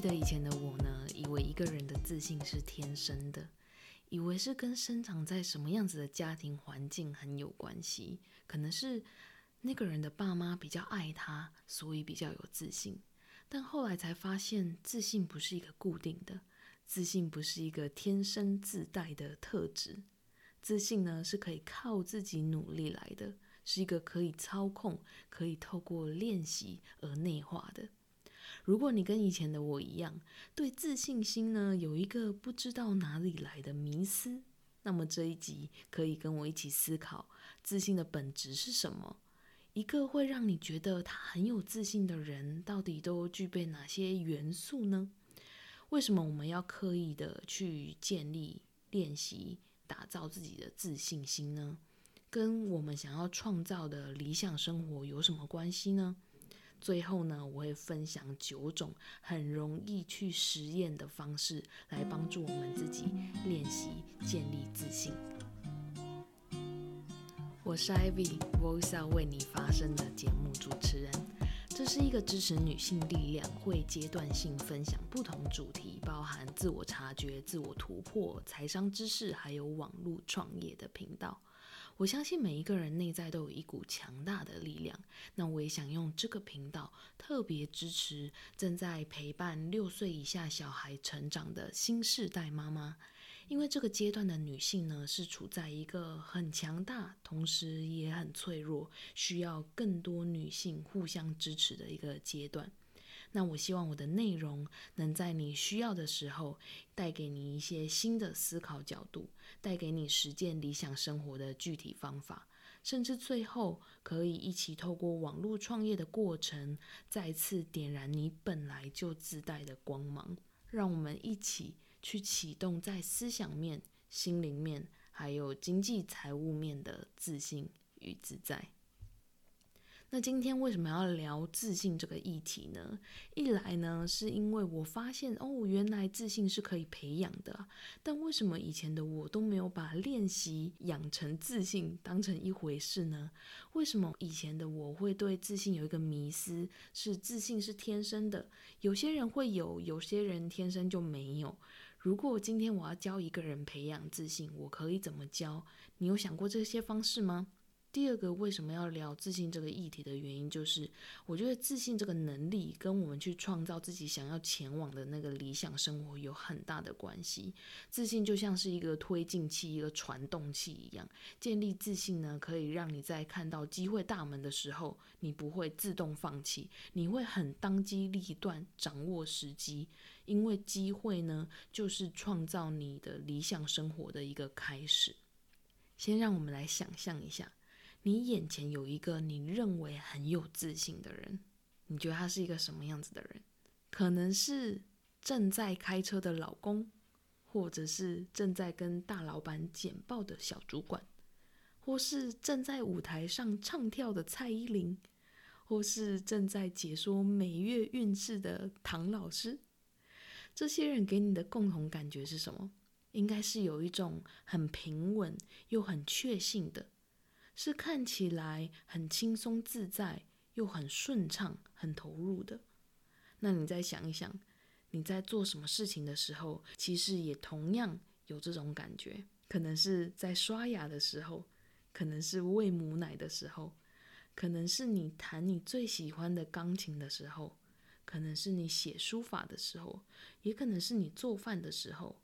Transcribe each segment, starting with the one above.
記得以前的我呢，以為一個人的自信是天生的，以為是跟生長在什麼樣子的家庭環境很有關係，可能是那個人的爸媽比較愛他，所以比較有自信。但後來才發現，自信不是一個固定的，自信不是一個天生自帶的特質，自信呢是可以靠自己努力來的，是一個可以操控、可以透過練習而內化的。如果你跟以前的我一樣，對自信心呢有一個不知道哪裡來的迷思，那麼這一集可以跟我一起思考，自信的本質是什麼？一個會讓你覺得他很有自信的人，到底都具備哪些元素呢？為什麼我們要刻意的去建立、練習、打造自己的自信心呢？跟我們想要創造的理想生活有什麼關係呢？最後呢，我會分享九種很容易去實驗的方式，來幫助我們自己練習建立自信。我是 Ivy，Vosa 為你發聲的節目主持人。這是一個支持女性力量，會階段性分享不同主題，包含自我察覺、自我突破、財商知識，還有網絡創業的頻道。我相信每一個人內在都有一股強大的力量。那我也想用這個頻道特別支持正在陪伴六歲以下小孩成長的新世代媽媽，因為這個階段的女性呢，是處在一個很強大，同時也很脆弱，需要更多女性互相支持的一個階段。那我希望我的內容能在你需要的時候，帶給你一些新的思考角度，帶給你實踐理想生活的具體方法，甚至最後可以一起透過網絡創業的過程，再次點燃你本來就自帶的光芒。讓我們一起去啟動在思想面、心靈面，還有經濟財務面的自信與自在。那今天為什麼要聊自信這個議題呢？一來呢，是因為我發現哦，原來自信是可以培養的。但為什麼以前的我都沒有把練習養成自信當成一回事呢？為什麼以前的我會對自信有一個迷思，是自信是天生的？有些人會有，有些人天生就沒有。如果今天我要教一個人培養自信，我可以怎麼教？你有想過這些方式嗎？第二個為什麼要聊自信這個議題的原因，就是我覺得自信這個能力跟我們去創造自己想要前往的那個理想生活有很大的關係。自信就像是一個推進器、一個傳動器一樣，建立自信呢，可以讓你在看到機會大門的時候，你不會自動放棄，你會很當機立斷，掌握時機。因為機會呢，就是創造你的理想生活的一個開始。先讓我們來想象一下。你眼前有一個你認為很有自信的人，你覺得他是一個什麼樣子的人？可能是正在開車的老公，或者是正在跟大老闆簡報的小主管，或是正在舞台上唱跳的蔡依林，或是正在解說每月運勢的唐老師。這些人給你的共同感覺是什麼？應該是有一種很平穩又很確信的。是看起來很輕鬆自在，又很順暢、很投入的。那你再想一想，你在做什麼事情的時候，其實也同樣有這種感覺。可能是在刷牙的時候，可能是餵母奶的時候，可能是你彈你最喜歡的鋼琴的時候，可能是你寫書法的時候，也可能是你做飯的時候。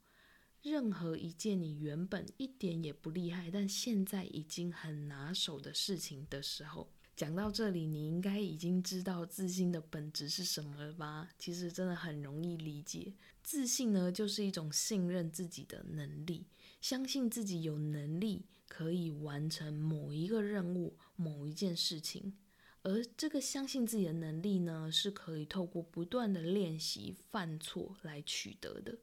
任何一件你原本一點也不厲害，但現在已經很拿手的事情的時候，講到這裡，你應該已經知道自信的本質是什麼了吧？其實真的很容易理解，自信呢，就是一種信任自己的能力，相信自己有能力可以完成某一個任務、某一件事情。而這個相信自己的能力呢，是可以透過不斷的練習、犯錯來取得的。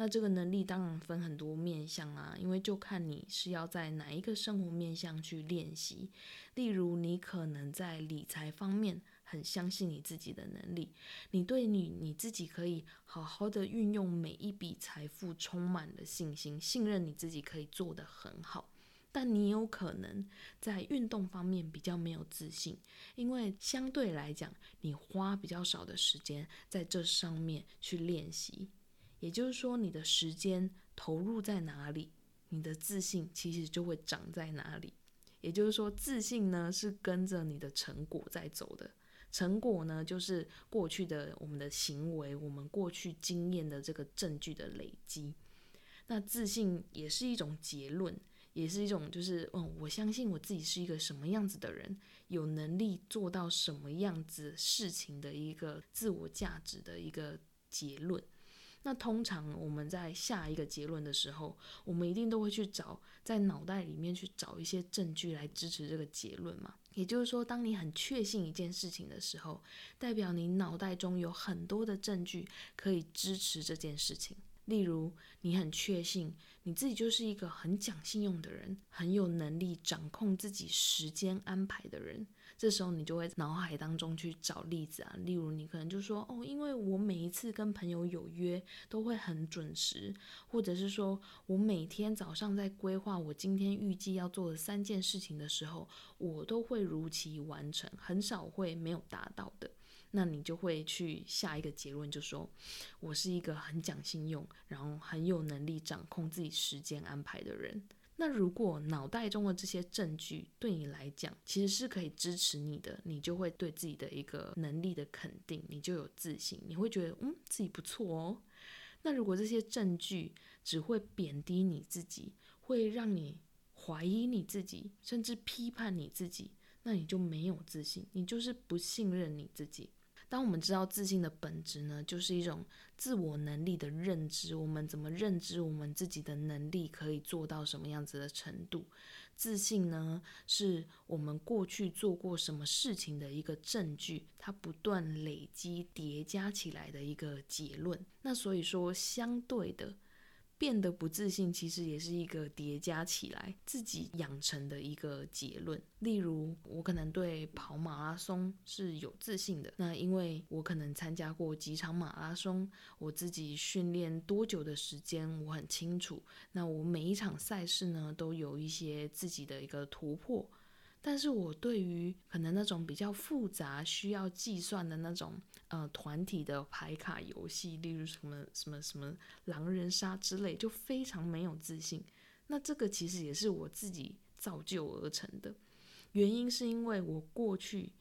那這個能力當然分很多面向啦、啊，因為就看你是要在哪一個生活面向去練習。例如，你可能在理財方面很相信你自己的能力，你對你你自己可以好好的運用每一筆財富，充滿了信心，信任你自己可以做得很好。但你有可能在運動方面比較沒有自信，因為相對來講，你花比較少的時間在這上面去練習。也就是說，你的時間投入在哪裡，你的自信其實就會長在哪裡。也就是說，自信呢，是跟着你的成果在走的。成果呢，就是過去的我們的行為，我們過去經驗的這個證據的累積。那自信也是一種結論，也是一種就是，嗯，我相信我自己是一個什麼樣子的人，有能力做到什麼樣子事情的一個自我價值的一個結論。那通常我們在下一個結論的時候，我們一定都會去找，在腦袋裡面去找一些證據來支持這個結論嘛。也就是說，當你很確信一件事情的時候，代表你腦袋中有很多的證據可以支持這件事情。例如，你很確信你自己就是一個很講信用的人，很有能力掌控自己時間安排的人。這時候你就會腦海當中去找例子啊，例如你可能就說哦，因為我每一次跟朋友有約都會很準時，或者是說我每天早上在規劃我今天預計要做的三件事情的時候，我都會如期完成，很少會沒有達到的。那你就會去下一個結論，就說我是一個很講信用，然後很有能力掌控自己時間安排的人。那如果腦袋中的這些證據對你來講其實是可以支持你的，你就會對自己的一個能力的肯定，你就有自信，你會覺得嗯自己不錯哦。那如果這些證據只會貶低你自己，會讓你懷疑你自己，甚至批判你自己，那你就沒有自信，你就是不信任你自己。當我們知道自信的本質呢，就是一種自我能力的認知。我們怎麼認知我們自己的能力可以做到什麼樣子的程度？自信呢，是我們過去做過什麼事情的一個證據，它不斷累積疊加起來的一個結論。那所以說，相對的。變得不自信，其實也是一個疊加起來自己養成的一個結論。例如，我可能對跑馬拉松是有自信的，那因為我可能參加過幾場馬拉松，我自己訓練多久的時間我很清楚。那我每一場賽事呢，都有一些自己的一個突破。但是我對於可能那種比較複雜、需要計算的那種呃團體的牌卡遊戲，例如什麼什麼什麼狼人殺之類，就非常沒有自信。那這個其實也是我自己造就而成的，原因是因為我過去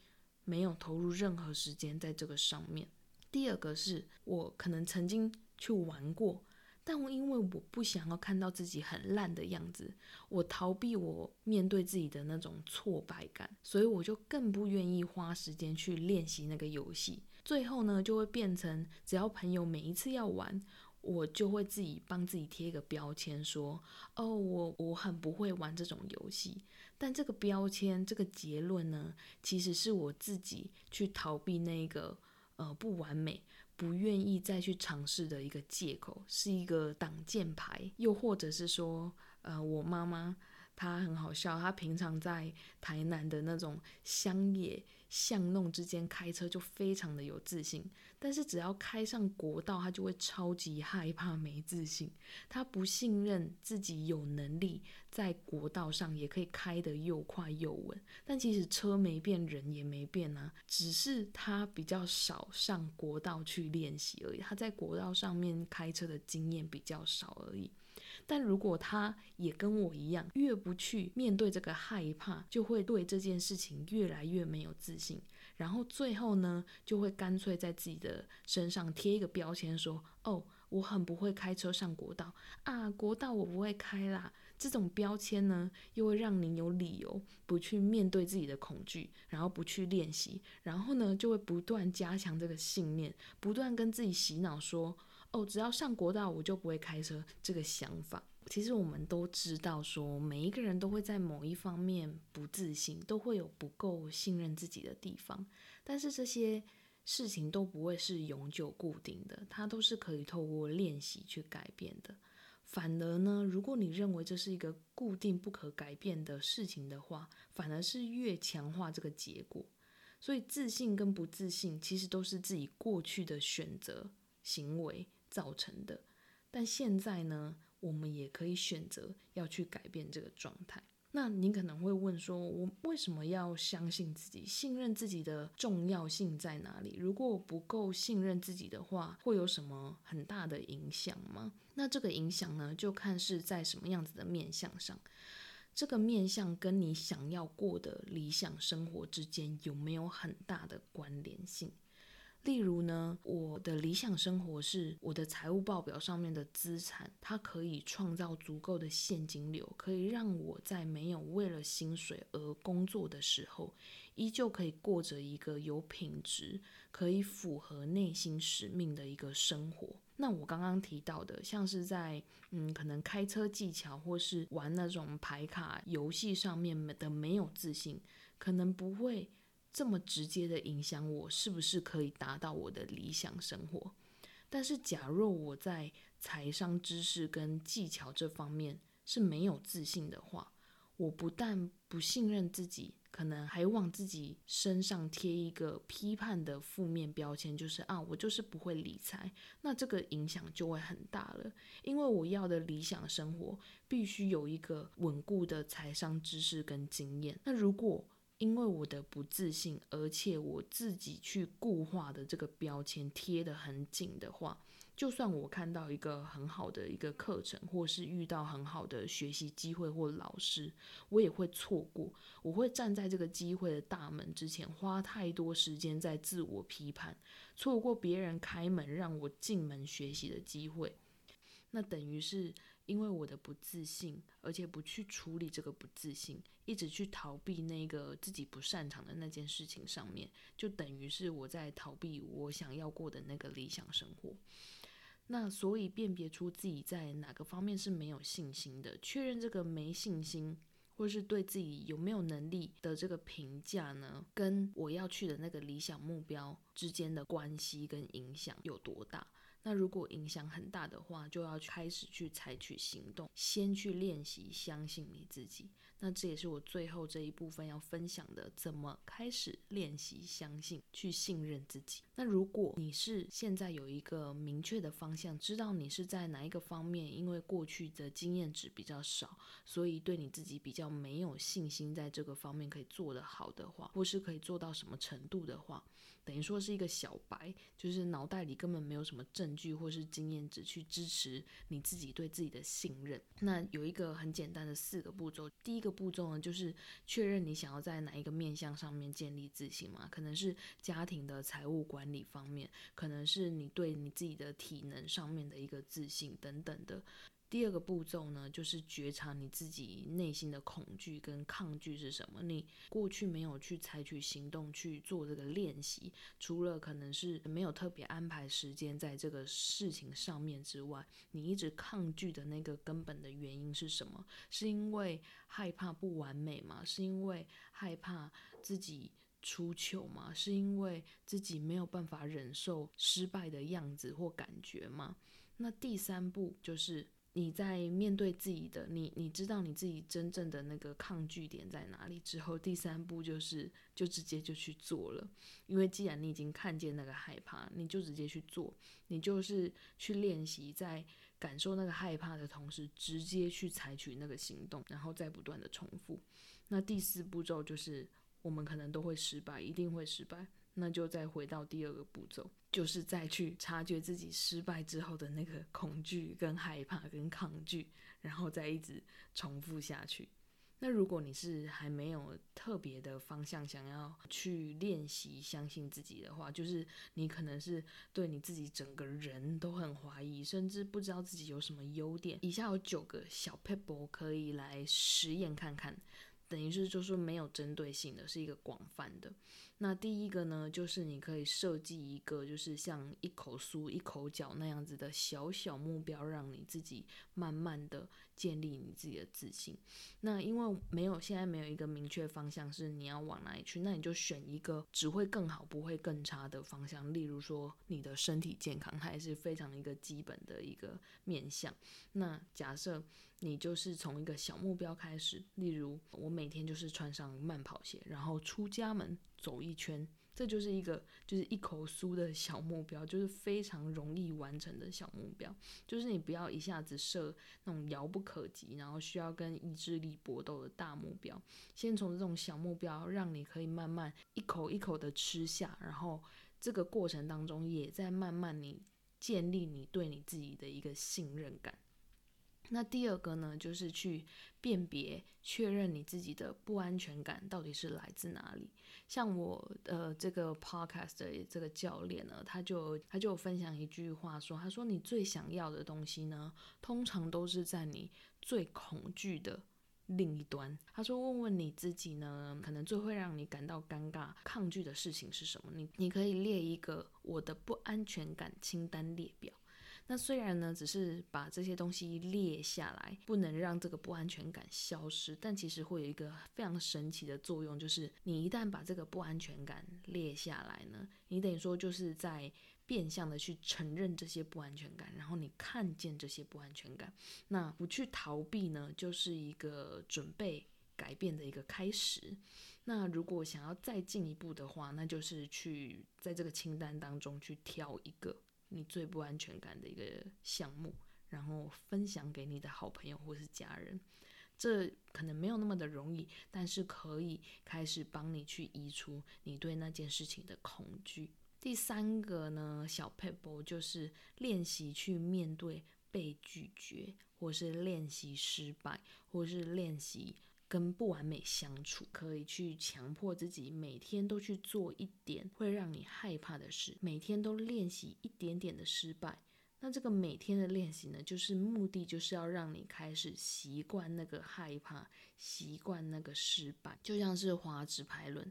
沒有投入任何時間在這個上面。第二個是我可能曾經去玩過。但我因為我不想要看到自己很爛的樣子，我逃避我面對自己的那種挫敗感，所以我就更不願意花時間去練習那個遊戲。最後呢，就會變成只要朋友每一次要玩，我就會自己幫自己貼一個標籤，說：“哦，我我很不會玩這種遊戲。”但這個標籤、這個結論呢，其實是我自己去逃避那個呃不完美。不願意再去嘗試的一個借口，是一個擋箭牌，又或者是說，呃，我媽媽她很好笑，她平常在台南的那種鄉野巷弄之間開車就非常的有自信。但是只要開上國道，他就會超級害怕、沒自信。他不信任自己有能力在國道上也可以開得又快又穩。但其實車沒變，人也沒變啊，只是他比較少上國道去練習而已。他在國道上面開車的經驗比較少而已。但如果他也跟我一樣，越不去面對這個害怕，就會對這件事情越來越沒有自信。然後最後呢，就會乾脆在自己的身上貼一個標籤，說：“哦，我很不會開車上國道啊，國道我不會開啦。”這種標籤呢，又會讓你有理由不去面對自己的恐懼，然後不去練習，然後呢，就會不斷加強這個信念，不斷跟自己洗腦說：“哦，只要上國道，我就不會開車。”這個想法。其實我們都知道，說每一個人都會在某一方面不自信，都會有不夠信任自己的地方。但是這些事情都不會是永久固定的，它都是可以透過練習去改變的。反而呢，如果你認為這是一個固定不可改變的事情的話，反而是越強化這個結果。所以自信跟不自信其實都是自己過去的選擇行為造成的。但現在呢？我們也可以選擇要去改變這個狀態。那你可能會問說，我為什麼要相信自己？信任自己的重要性在哪裡？如果我不夠信任自己的話，會有什麼很大的影響嗎？那這個影響呢，就看是在什麼樣子的面向上，這個面向跟你想要過的理想生活之間有沒有很大的關聯性？例如呢，我的理想生活是，我的財務報表上面的資產，它可以創造足夠的現金流，可以讓我在沒有為了薪水而工作的時候，依舊可以過着一個有品質、可以符合內心使命的一個生活。那我剛剛提到的，像是在嗯，可能開車技巧或是玩那種牌卡遊戲上面的沒有自信，可能不會這麼直接的影響，我是不是可以達到我的理想生活？但是，假若我在財商知識跟技巧這方面是沒有自信的話，我不但不信任自己，可能還往自己身上貼一個批判的負面標籤，就是啊，我就是不會理財。那這個影響就會很大了，因為我要的理想生活必須有一個穩固的財商知識跟經驗。那如果因為我的不自信，而且我自己去固化的這個標籤貼得很緊的話，就算我看到一個很好的一個課程，或是遇到很好的學習機會或老師，我也會錯過。我會站在這個機會的大門之前，花太多時間在自我批判，錯過別人開門讓我進門學習的機會，那等於是。因為我的不自信，而且不去處理這個不自信，一直去逃避那個自己不擅長的那件事情上面，就等於是我在逃避我想要過的那個理想生活。那所以辨別出自己在哪個方面是沒有信心的，確認這個沒信心，或是對自己有沒有能力的這個評價呢，跟我要去的那個理想目標之間的關係跟影響有多大？那如果影響很大的話，就要開始去採取行動，先去練習，相信你自己。那這也是我最後這一部分要分享的，怎麼開始練習相信，去信任自己。那如果你是現在有一個明確的方向，知道你是在哪一個方面，因為過去的經驗值比較少，所以對你自己比較沒有信心，在這個方面可以做得好的話，或是可以做到什麼程度的話，等於說是一個小白，就是腦袋裡根本沒有什麼證據或是經驗值去支持你自己對自己的信任。那有一個很簡單的四個步驟，第一個。這個步驟呢，就是確認你想要在哪一個面向上面建立自信嘛。可能是家庭的財務管理方面，可能是你對你自己的體能上面的一個自信等等的。第二個步驟呢，就是覺察你自己內心的恐懼跟抗拒是什麼。你過去沒有去採取行動去做這個練習，除了可能是沒有特別安排時間在這個事情上面之外，你一直抗拒的那個根本的原因是什麼？是因為害怕不完美嗎？是因為害怕自己出糗嗎？是因為自己沒有辦法忍受失敗的樣子或感覺嗎？那第三步就是。你在面對自己的你，你知道你自己真正的那個抗拒點在哪裡之後，第三步就是就直接就去做了，因為既然你已經看見那個害怕，你就直接去做，你就是去練習，在感受那個害怕的同時，直接去採取那個行動，然後再不斷的重複。那第四步驟就是，我們可能都會失敗，一定會失敗。那就再回到第二個步驟，就是再去察覺自己失敗之後的那個恐懼、跟害怕、跟抗拒，然後再一直重複下去。那如果你是還沒有特別的方向想要去練習相信自己的話，就是你可能是對你自己整個人都很懷疑，甚至不知道自己有什麼優點。以下有九個小撇步可以來實驗看看，等於是就是沒有針對性的，是一個廣泛的。那第一個呢，就是你可以設計一個，就是像一口酥一口餃那樣子的小小目標，讓你自己慢慢的建立你自己的自信。那因為沒有現在沒有一個明確方向，是你要往哪裡去，那你就選一個只會更好不會更差的方向。例如說你的身體健康，還是非常一個基本的一個面向。那假設你就是從一個小目標開始，例如我每天就是穿上慢跑鞋，然後出家門，走一圈，這就是一個就是一口酥的小目標，就是非常容易完成的小目標。就是你不要一下子設那種遙不可及，然後需要跟意志力搏鬥的大目標。先從這種小目標，讓你可以慢慢一口一口的吃下，然後這個過程當中也在慢慢你建立你對你自己的一個信任感。那第二個呢，就是去辨別確認你自己的不安全感到底是來自哪裡。像我呃，這個 podcast 的這個教練呢，他就他就分享一句話說，他說你最想要的東西呢，通常都是在你最恐懼的另一端。他說問問你自己呢，可能最會讓你感到尷尬、抗拒的事情是什麼？你你可以列一個我的不安全感清單列表。那雖然呢，只是把這些東西列下來，不能讓這個不安全感消失，但其實會有一個非常神奇的作用，就是你一旦把這個不安全感列下來呢，你等於說就是在變相的去承認這些不安全感，然後你看見這些不安全感，那不去逃避呢，就是一個準備改變的一個開始。那如果想要再進一步的話，那就是去在這個清單當中去挑一個。你最不安全感的一個項目，然後分享給你的好朋友或是家人，這可能沒有那麼的容易，但是可以開始幫你去移除你對那件事情的恐懼。第三個呢，小撇步就是練習去面對被拒絕，或是練習失敗，或是練習。跟不完美相處，可以去強迫自己每天都去做一點會讓你害怕的事，每天都練習一點點的失敗。那這個每天的練習呢，就是目的就是要讓你開始習慣那個害怕。習慣那個失敗，就像是滑直排輪。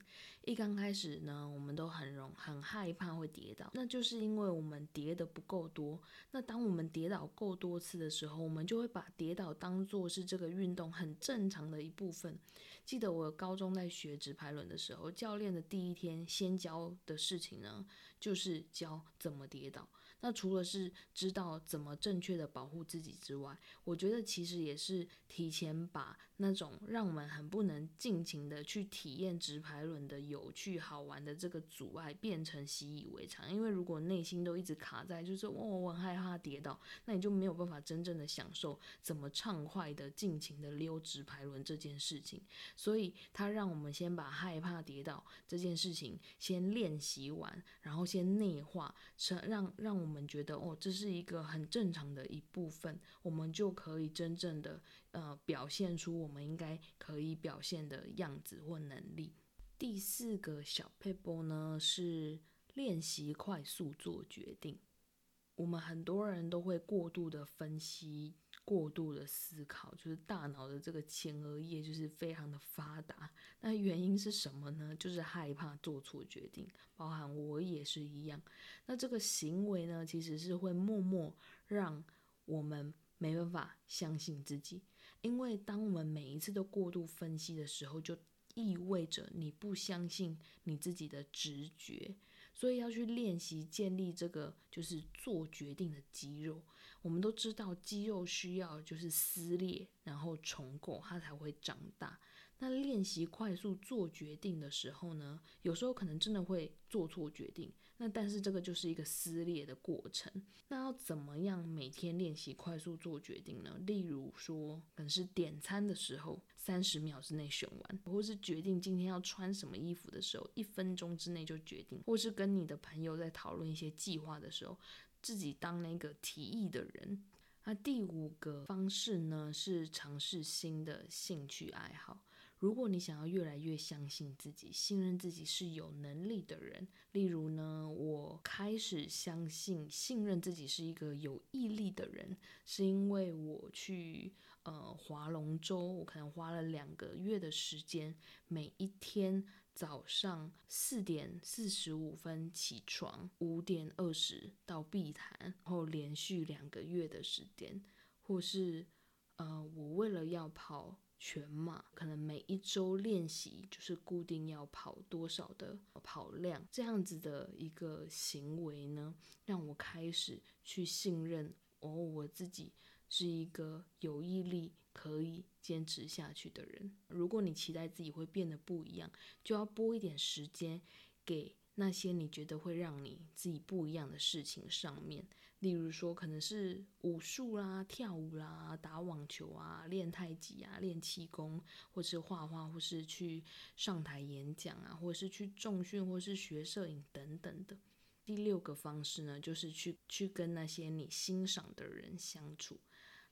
一剛開始呢，我們都很容易很害怕會跌倒，那就是因為我們跌得不夠多。那當我們跌倒夠多次的時候，我們就會把跌倒當作是這個運動很正常的一部分。記得我高中在學直排輪的時候，教練的第一天先教的事情呢，就是教怎麼跌倒。那除了是知道怎麼正確的保護自己之外，我覺得其實也是提前把那種。讓我們很不能盡情的去體驗直排輪的有趣好玩的這個阻礙變成習以為常，因為如果內心都一直卡在就是我、哦、我很害怕跌倒，那你就沒有辦法真正的享受怎麼暢快的盡情的溜直排輪這件事情。所以它讓我們先把害怕跌倒這件事情先練習完，然後先內化成讓讓我們覺得哦，這是一個很正常的一部分，我們就可以真正的。呃，表現出我們應該可以表現的樣子或能力。第四個小撇步呢是練習快速做決定。我們很多人都會過度的分析、過度的思考，就是大腦的這個前額葉就是非常的發達。那原因是什麼呢？就是害怕做錯決定，包含我也是一樣。那這個行為呢，其實是會默默讓我們沒辦法相信自己。因為當我們每一次都過度分析的時候，就意味着你不相信你自己的直覺，所以要去練習建立這個就是做決定的肌肉。我們都知道肌肉需要就是撕裂，然後重構它才會長大。那練習快速做決定的時候呢，有時候可能真的會做錯決定。那但是這個就是一個撕裂的過程。那要怎麼樣每天練習快速做決定呢？例如說，可能是點餐的時候三十秒之內選完，或是決定今天要穿什麼衣服的時候一分鐘之內就決定，或是跟你的朋友在討論一些計劃的時候，自己當那個提議的人。那第五個方式呢，是嘗試新的興趣愛好。如果你想要越來越相信自己，信任自己是有能力的人，例如呢，我開始相信、信任自己是一個有毅力的人，是因為我去呃划龍舟，我可能花了兩個月的時間，每一天早上四點四十五分起床，五點二十到碧潭，然後連續兩個月的時間，或是呃，我為了要跑。全馬可能每一周練習就是固定要跑多少的跑量，這樣子的一個行為呢，讓我開始去信任哦，我自己是一個有毅力可以堅持下去的人。如果你期待自己會變得不一樣，就要撥一點時間給那些你覺得會讓你自己不一樣的事情上面。例如說，可能是武術啦、跳舞啦、打網球啊、練太極啊、練氣功，或是畫畫，或是去上台演講啊，或是去重訓，或是學攝影等等的。第六個方式呢，就是去去跟那些你欣賞的人相處。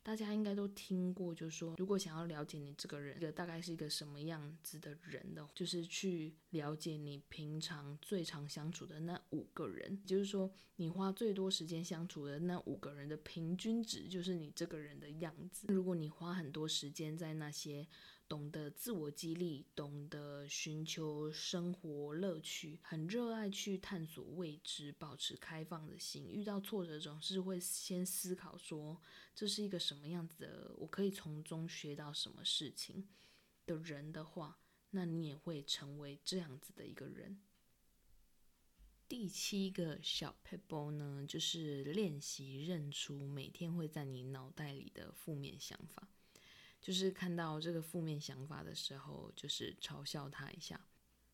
大家應該都聽過，就是說，如果想要了解你這個人，這個大概是一個什麼樣子的人的，就是去了解你平常最常相處的那五個人，也就是說，你花最多時間相處的那五個人的平均值，就是你這個人的樣子。如果你花很多時間在那些，懂得自我激勵，懂得尋求生活樂趣，很熱愛去探索未知，保持開放的心，遇到挫折總是會先思考說，這是一個什麼樣子的，我可以從中學到什麼事情的人的話，那你也會成為這樣子的一個人。第七個小撇步呢，就是練習認出每天會在你腦袋裡的負面想法。就是看到這個負面想法的時候，就是嘲笑他一下。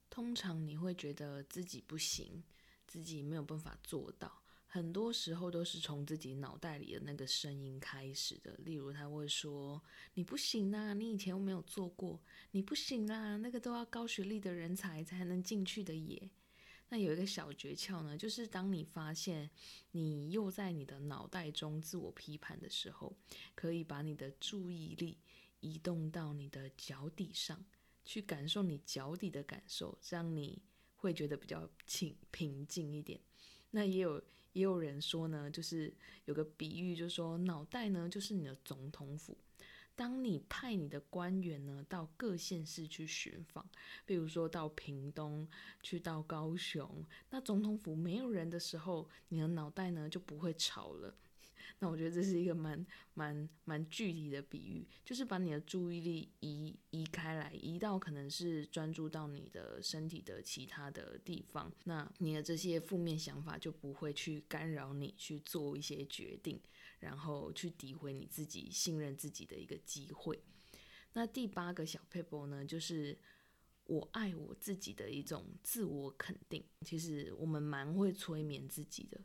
通常你會覺得自己不行，自己沒有辦法做到。很多時候都是從自己腦袋裡的那個聲音開始的。例如他會說：“你不行吶，你以前又沒有做過，你不行啦，那個都要高學歷的人才才能進去的耶。”那有一個小訣竅呢，就是當你發現你又在你的腦袋中自我批判的時候，可以把你的注意力。移動到你的腳底上，去感受你腳底的感受，這樣你會覺得比較輕，平靜一點。那也有也有人說呢，就是有個比喻，就是說腦袋呢就是你的總統府，當你派你的官員呢到各縣市去巡訪，比如說到屏東，去到高雄，那總統府沒有人的時候，你的腦袋呢就不會吵了。那我覺得這是一個蠻蠻蠻具體的比喻，就是把你的注意力移移開來，移到可能是專注到你的身體的其他的地方，那你的這些負面想法就不會去干擾你去做一些決定，然後去詆毀你自己，信任自己的一個機會。那第八個小撇步呢，就是我愛我自己的一種自我肯定。其實我們蠻會催眠自己的。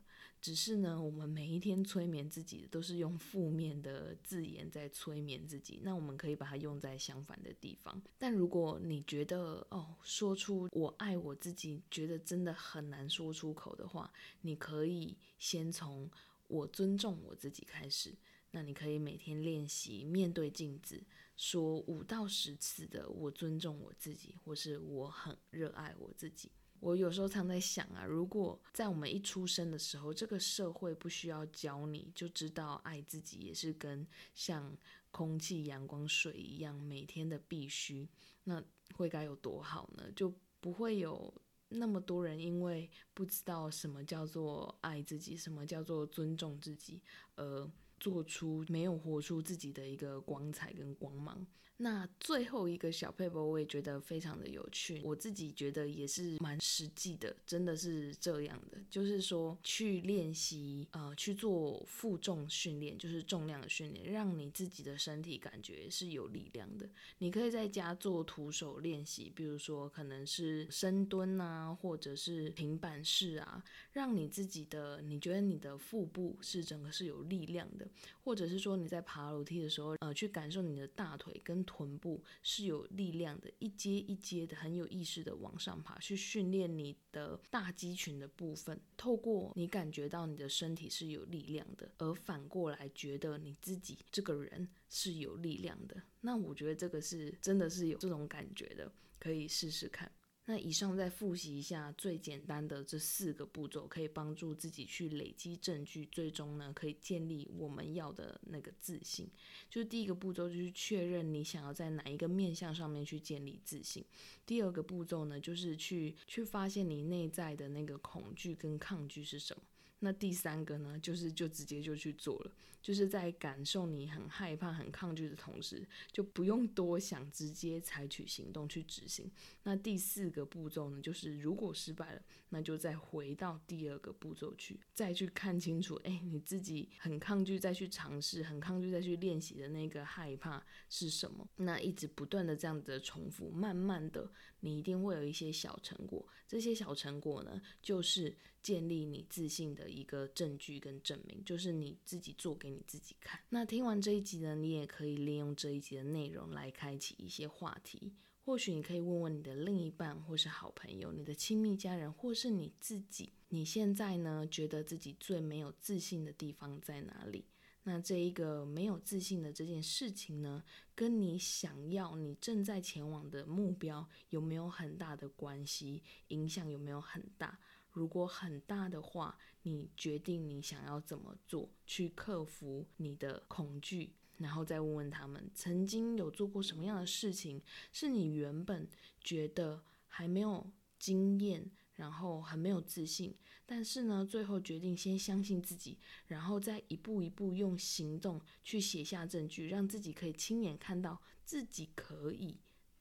只是呢，我們每一天催眠自己都是用負面的字眼在催眠自己。那我們可以把它用在相反的地方。但如果你覺得哦，說出我愛我自己，覺得真的很難說出口的話，你可以先從我尊重我自己開始。那你可以每天練習面對鏡子，說五到十次的我尊重我自己，或是我很熱愛我自己。我有時候常在想啊，如果在我們一出生的時候，這個社會不需要教你就知道愛自己，也是跟像空氣、陽光、水一樣每天的必須，那會該有多好呢？就不會有那麼多人因為不知道什麼叫做愛自己，什麼叫做尊重自己，而做出沒有活出自己的一個光彩跟光芒。那最後一個小撇步我也覺得非常的有趣，我自己覺得也是蠻實際的，真的是這樣的，就是說去練習，呃，去做負重訓練，就是重量的訓練，讓你自己的身體感覺是有力量的。你可以在家做徒手練習，比如說可能是深蹲啊，或者是平板式啊，讓你自己的，你覺得你的腹部是整個是有力量的，或者是說你在爬樓梯的時候，呃，去感受你的大腿跟臀部是有力量的，一階一階的，很有意識的往上爬，去訓練你的大肌群的部分。透過你感覺到你的身體是有力量的，而反過來覺得你自己這個人是有力量的。那我覺得這個是真的是有這種感覺的，可以試試看。那以上再複習一下最簡單的這四個步驟，可以幫助自己去累積證據，最終呢可以建立我們要的那個自信。就是第一個步驟就是確認你想要在哪一個面向上面去建立自信。第二個步驟呢就是去去發現你內在的那個恐懼跟抗拒是什麼。那第三個呢，就是就直接就去做了，就是在感受你很害怕、很抗拒的同時，就不用多想，直接採取行動去執行。那第四個步驟呢，就是如果失敗了，那就再回到第二個步驟去，再去看清楚，誒，你自己很抗拒再去嘗試，很抗拒再去練習的那個害怕是什麼。那一直不斷的這樣子的重複，慢慢的。你一定會有一些小成果，這些小成果呢，就是建立你自信的一個證據跟證明，就是你自己做給你自己看。那聽完這一集呢，你也可以利用這一集的內容來開啟一些話題。或許你可以問問你的另一半，或是好朋友、你的親密家人，或是你自己，你現在呢，覺得自己最沒有自信的地方在哪裡？那這一個沒有自信的這件事情呢，跟你想要你正在前往的目標有沒有很大的關係？影響有沒有很大？如果很大的話，你決定你想要怎麼做，去克服你的恐懼，然後再問問他們曾經有做過什麼樣的事情，是你原本覺得還沒有經驗，然後很沒有自信。但是呢，最後決定先相信自己，然後再一步一步用行動去寫下證據，讓自己可以親眼看到自己可以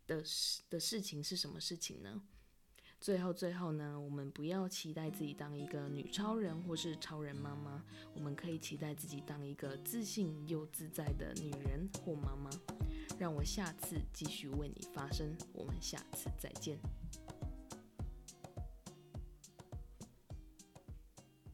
的事的，的事情是什麼事情呢？最後最後呢，我們不要期待自己當一個女超人或是超人媽媽，我們可以期待自己當一個自信又自在的女人或媽媽。讓我下次繼續為你發聲，我們下次再見。